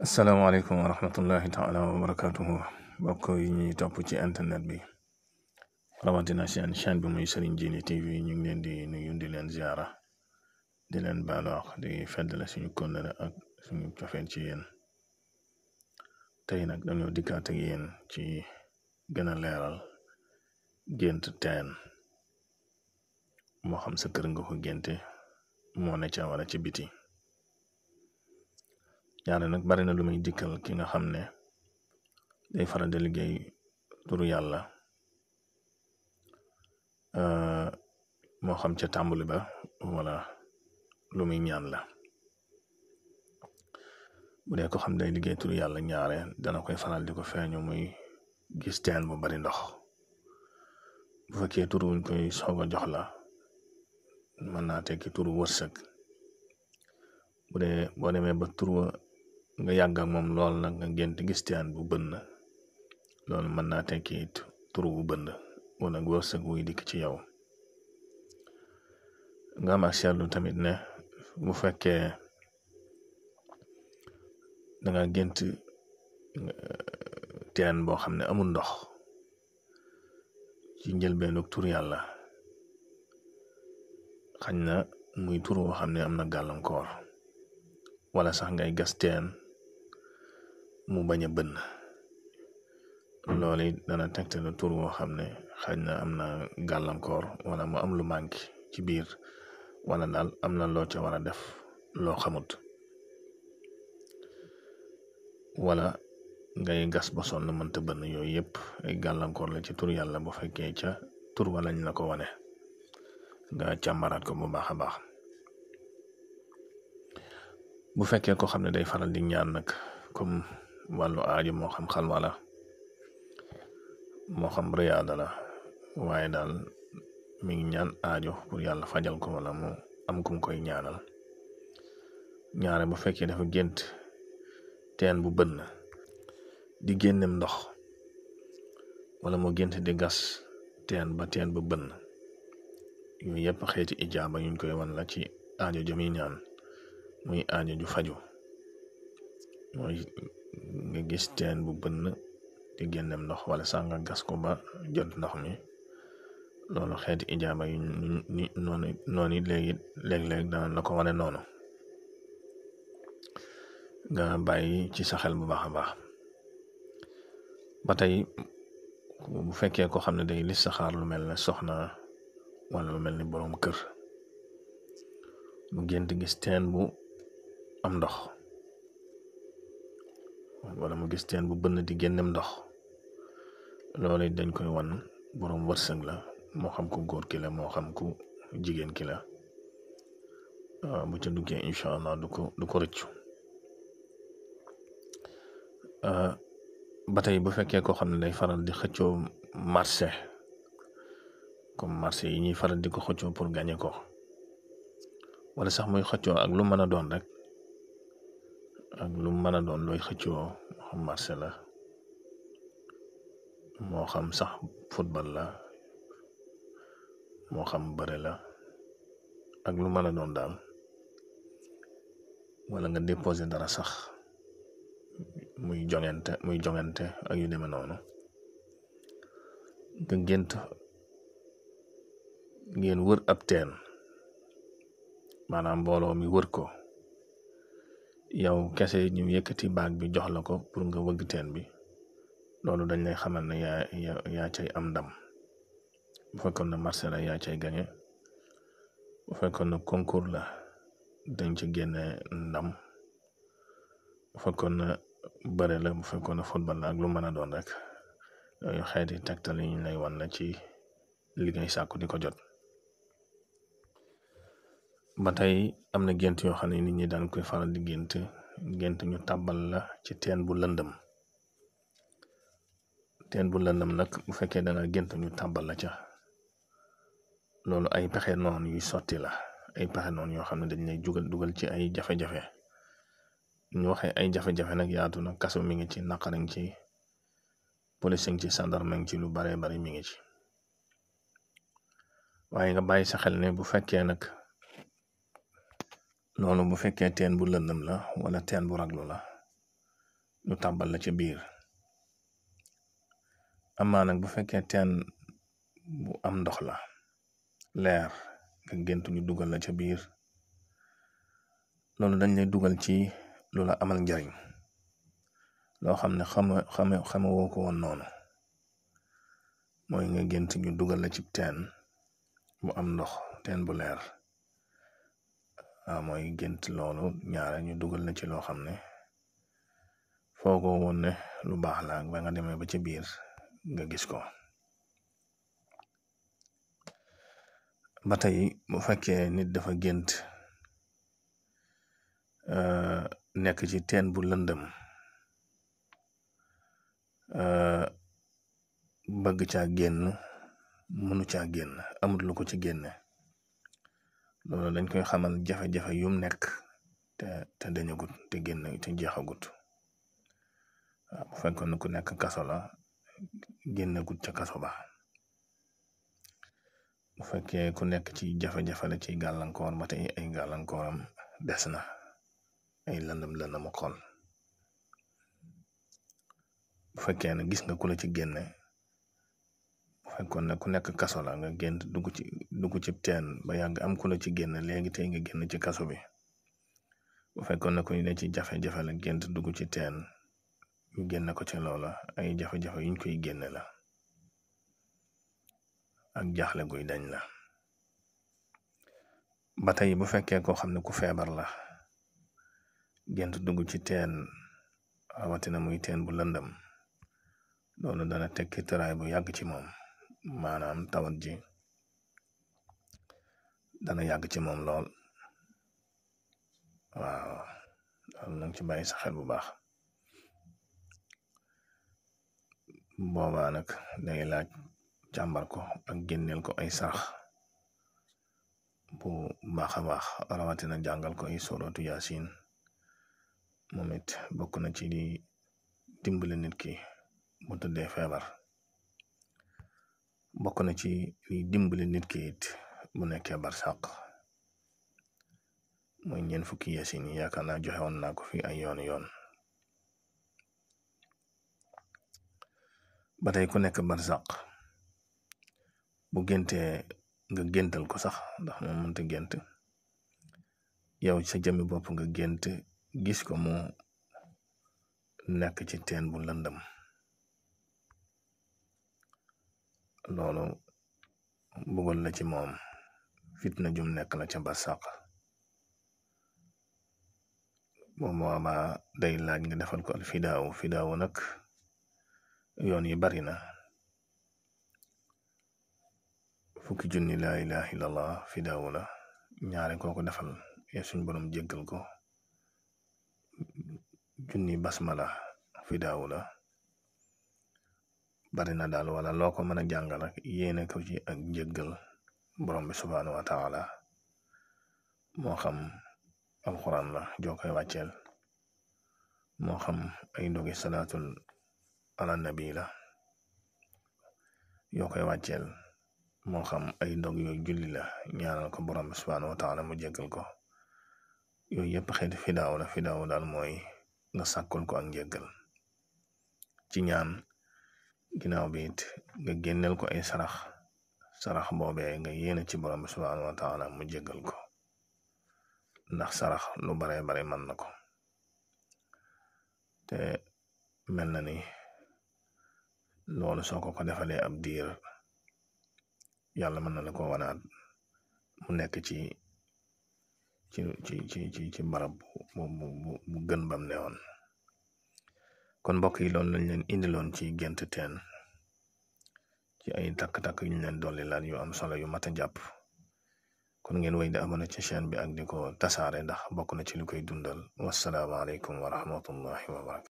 asalaamaaleykum wa rahmatullahi taala wa barakatuhu mbokk yi ñuy topp ci internet bi rawatina seen chaîne bi muy Serigne Djily TV ñu ngi leen di nuyu di leen ziara di leen baalu àq di feddale suñu kóllëre ak suñu cofeel ci yéen tey nag dañoo dikkaat ak ci gën a leeral gént teen moo xam sa kër nga ko génte moo ne ca wala ci biti ñaare nag bari na lu muy dikkal ki nga xam ne day faral di liggéey turu yàlla eh, moo xam ca tàmbali ba wala lu muy ñaan la bu dee ko xam day liggéey turu yàlla ñaare dana koy faral di ko feeñu muy gis teen bu bari ndox bu fekkee turu wuñ koy soog a jox la mën naa tekki turu wërsëg bu dee boo demee ba turu nga yàgg moom lool nag nga gént gis teen bu bënn loolu mën naa tekki it bu bënn wala ak wërsëg wuy dikk ci yow nga am ak seetlu tamit ne bu fekkee danga gént eh, teen boo xam ne amul ndox ci njëlbeenug tur yàlla xañ na muy tur woo xam ne am na gàllankoor wala sax ngay gas teen mu bañ a bënn loolu it dana tegtale tur woo xam ne xaj na am na gàllankoor wala mu am lu mànk ci biir wala daal am na loo ca war a def loo xamut wala ngay gas ba sonn mënta bënn yooyu yëpp ay gàllankoor la ci tur yàlla bu fekkee ca tur walañ la ko wane nga càmbaraat ko bu baax a baax bu fekkee ko xam ne day faral di ñaan nag comme wàllu aajo moo xam xalwa moo xam riyaada la waaye daal mi ngi ñaan aajo pour yàlla fajal ko wala mu am kum koy ñaanal ñaare bu fekkee dafa gént teen bu bënn di génnem ndox wala mu gënt di gas teen ba teen bu bënn yooyu yëpp xeeti ijaaba yuñ koy wan ci aajo jëmi ñaan muy aajo ju faju nga gis teen bu bënn di génnem ndox wala sax nga gas ko ba jot ndox mi loolu xeeti ijaaba yi ni noonu noonu it léegi léeg-léeg la ko wane noonu nga bàyyi ci saxel bu baax a baax ba tey bu fekkee ko xam ne day saxaar lu mel ne soxna wala lu mel ni boroom kër mu gént gis teen bu am ndox wala mu gis teen bu bënn di génnem ndox loolu dañ koy wan boroom wërsëg la moo xam ku góor ki la moo xam ku jigéen ki la bu ca duggee incha allah du ko du ko rëccu euh, ba tey bu fekkee koo xam ne day faral di xëccoo marché comme marché yi ñuy faral di ko xëccoo pour gagner ko wala sax muy xëccoo ak lu mën a doon rek ak lu mën a doon looy xëccoo moo xam marché la moo xam sax football la moo xam bëre la ak lu mën a doon daal wala nga déposé dara sax muy joŋante muy joŋante ak yu demee noonu nga gént ngeen wër ab teen maanaam mbooloo mi wër ko yow kese ñu yëkkati baag bi jox la ko pour nga wëgg teen bi loolu dañ lay xamal ne yaa yaa cay am ndam bu fekkoon na marché la yaa cay gañe bu fekkoon ne concours la dañ ci génne ndam bu fekkoon na bëre la bu fekkoon na football la ak lu mën a doon rek yooyu xeeti tegtal yi ñu lay wan la ci liggéey sàkku di ko jot ba tey am na gént yoo xam ne nit ñi daan koy faral di gént gént ñu tàbbal la ci teen bu lëndëm teen bu lëndëm nag bu fekkee danga gént ñu tàbbal la ca loolu ay pexe noonu yuy sotti la ay pexe noonu yoo xam ne dañ lay jugal dugal ci ay jafe-jafe ñu waxee ay jafe-jafe nag yaatu na kaso mi ngi ci naqar ngi ci police ngi ci gendarme ngi ci lu baree bari mi ngi ci waaye nga bàyyi sa xel ne bu fekkee nag loolu bu fekkee teen bu lëndëm la wala teen bu raglu la ñu tàbbal la ca biir amaa bu fekkee teen bu am ndox la leer nga gént ñu dugal la ca biir loolu dañ lay dugal ci lu la amal njariñ loo xam ne xame xame xame woo ko woon noonu mooy nga gént ñu dugal la ci teen bu am ndox teen bu leer Ah, mooy gént loolu ñaare ñu dugal na ci loo xam ne foogoo woon ne lu baax la ba nga demee ba ci biir nga gis ko ba tey bu fekkee nit dafa gént eh, nekk ci teen bu lëndëm eh, bëgg caa génn mënu ca génn amut lu ko ci génne loolu dañ koy xamal jafe-jafe yum nekk te te te génn te jeexagut waaw bu fekkoon ne ku nekk kaso la génnagut ca kaso ba bu fekkee ku nekk ci jafe-jafe la ci gàllankoor ba tey ay gàllankooram des na ay lëndëm lëndëm mu xool bu fekkee na gis nga ku la ci génne kon ne ku nekk kaso la nga gént dugg ci dugg ci teen ba yàgg am ku la ci génn léegi tey nga génn ci kaso bi bu fekkoon ne ku ñu ne ci jafe-jafe gént dugg ci teen ñu génn ko ci loola ay jafe-jafe yuñ koy génne la ak jaaxle guy dañ la ba tey bu fekkee koo xam ne ku feebar la gént dugg ci teen rawatina muy teen bu lëndëm loolu dana tekki tëraay bu yàgg ci moom maanaam tawat ji dana yàgg ci moom lool waaw loolu nag ci bàyyi sa xel bu baax boobaa nag day laaj ko ak génneel ko ay sarax bu baax a baax na jàngal ko ay sóoratu yaasin moom it bokk na ci di dimbale nit ki bu tëddee feebar bokk na ci liy dimbali nit ki bu nekkee barsàq mooy ñeent fukki yees yi nii yaakaar naa joxe woon naa ko fi ay yoon yoon ba tey ku nekk barsàq bu gëntee nga géntal ko sax ndax moom mënta gént yow sa jëmmi bopp nga gént gis ko mu nekk ci teen bu lëndëm loolu mbugal la ci moom fitna jum nekk la ca barsàq moom waaba day laaj nga defal ko al fidaaw fidaaw nag yoon yi bari na fukki junni laa ilaha illallah fidaaw la ñaare koo ko defal ya suñ borom jéggal ko junni basmala fidaaw la bari na daal wala loo ko mën a jàngal ak yéene ko ak njëggal borom bi subhaanahu wa taala moo xam alxuraan la joo koy wàcceel moo xam ay ndogi salaatul ala nabi la yoo koy wàcceel moo xam ay ndog yooyu julli la ñaanal ko borom bi subhaanahu wa taala mu ko yooyu yëpp xeeti fidaaw la fidaaw daal mooy nga sàkkul ko ak njéggal ci ñaan ginnaaw bi nga génneel ko ay sarax sarax boobee nga yéene ci borom bi subhaanahu taala mu jéggal ko ndax sarax lu baree bare mën na ko te mel na ni loolu soo ko ko defalee ab diir yàlla mën na la ko wanaat mu nekk ci ci ci ci ci barab bu bu bu gën bam ne woon kon mbokk yi loolu lañ leen indiloon ci gént teen ci ay takk-takk yu ñu leen dolli laan yu am solo yu mat a jàpp kon ngeen wéy di abonné ci chaîne bi ak di ko tasaare ndax bokk na ci lu koy dundal wasalaamaaleykum wa rahmatullahi wa